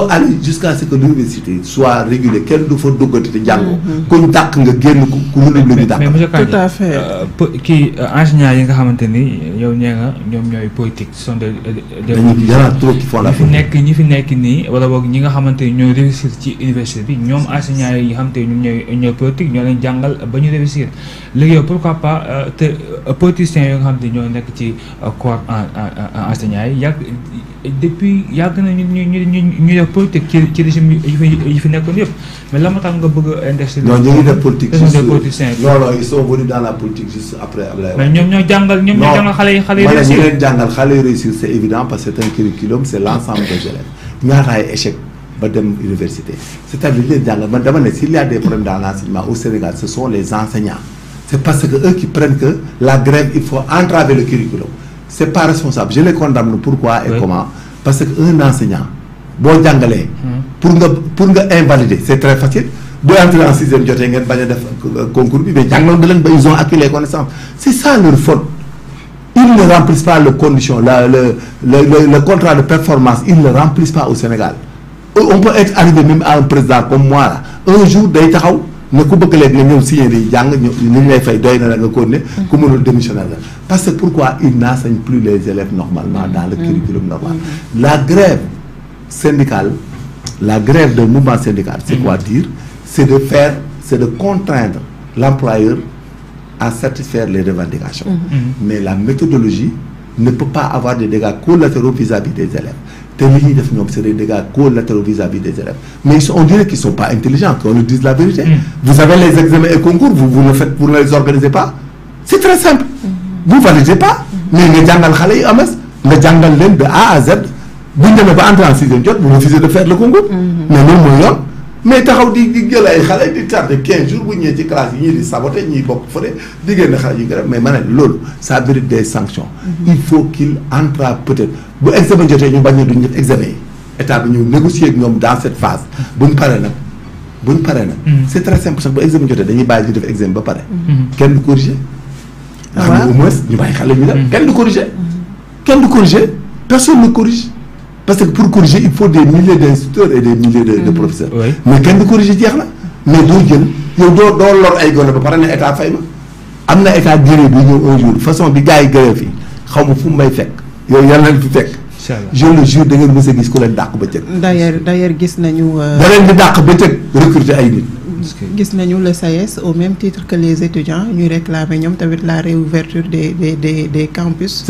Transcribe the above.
faut aller jusqu'à ce que l'université soit régulée kenn du fa duggati te jàngoo. kuñ dàq nga génn ku ku mënul lu ñu dàq. tout à fait euh, kii ingénieur yi nga xamante ni yow nga ñoom ñooy politique sont des. dañuy yàlla fi nekk ñi fi nekk nii wala boog ñi nga xamante ni ñooy réussir ci université bi ñoom enseignants yi xam xamante ni ñooy ñooy politique ñoo leen jàngal ba ñu réussir léegi yow pourquoi pas euh, te euh, politiciens yoo nga xamante ni ñoo nekk ci corps en en yi yàgg. depuis yàgg na ñu ñu ñu ñu ñu politique ci ci régime yi fi yi fi nekkoon yëpp mais la tax nga bëgg a non ñu ngi def politique juste non non ils sont venus dans la politique juste après Abdoulaye mais ñoom ñoo jàngal ñoom ñoo jàngal xale yi xale yi réussir. ñu leen réussir c' évident parce que c'est un curriculum c' est l' ensemble des élèves ñaataay échec ba dem université c' est à dire leen jàngal man dama ne s' il y a des problèmes dans l'enseignement au Sénégal ce sont les enseignants C'est parce que eux qui prennent que la grève il faut entraver le curriculum c'est pas responsable je les condamne pourquoi et comment parce que un enseignant hmm. pour nga pour nga invalider c'est très facile. de entrer en sixième jotee euh, concours mais ils ont acquis les connaissances c'est ça leur faute. ils ne remplissent pas les conditions le le le contrat de performance ils ne le remplissent pas au Sénégal euh, on peut être arrivé même à un président comme moi un jour day parce que pourquoi ils n'enseignent plus les élèves normalement dans le curriculum normal la grève syndicale la grève de mouvement syndical c'est quoi dire c'est de faire c'est de contraindre l'employeur à satisfaire les revendications mm-hmm. mais la méthodologie ne peut pas avoir des dégâts collatéraux vis-à-vis des élèves tellement ils faire def des dégâts collatéraux vis-à-vis des élèves mais ils sont on dirait qu'ils sont pas intelligents On nous dise la vérité mm. vous avez les examens et concours vous vous le faites pour ne les organiser pas c'est très simple mm-hmm. vous validez pas mm-hmm. mais nga jàngal xale les ames nga jàngal leen de A à Z Vous ne pouvez entrer en sixième jot vous refusez de faire le concours mm-hmm. mais nous, nous, nous mais taxaw di di jël ay xalé di tardé 15 jours bu ñëwee ci classe ñi di saboter ñi bok fële di génn xal yu gërëm mais mané lool ça mérite des sanctions. Mhm. il faut qu'il entre peut-être bu examen jotee ñu bañ du duñ examen état bi ñëw négocier ak ñom dans cette phase buñ paré nak buñ paré nak mhm. c'est très simple sax bu examen jotee dañuy bàyyi ñu def examen ba paré mhm. kenn du corriger. Ah, waaw ndax au moins ñu bàyyi xalé ñu la kenn du corriger. kenn du corriger personne ne corrige parce que pour corriger il faut des milliers d'instituteurs et des milliers de, de mm-hmm. professeurs. Oui. mais quand du corriger jeex là mais doo jël yow doo doo lor ay gone ba pare ne état fay ma am na état géré bi un jour façon bi gars yi gëree fi xaw ma fu mu may ils yow yal na fi fekk. je le jure da ngeen mës a gis ku d'ailleurs d'ailleurs gis nañu. que euh, leen di dàq bëccëg recruter ay nit. gis nañu le SAES e au même titre que les étudiants ñuy réclamer ñoom tamit la réouverture des des des des campus.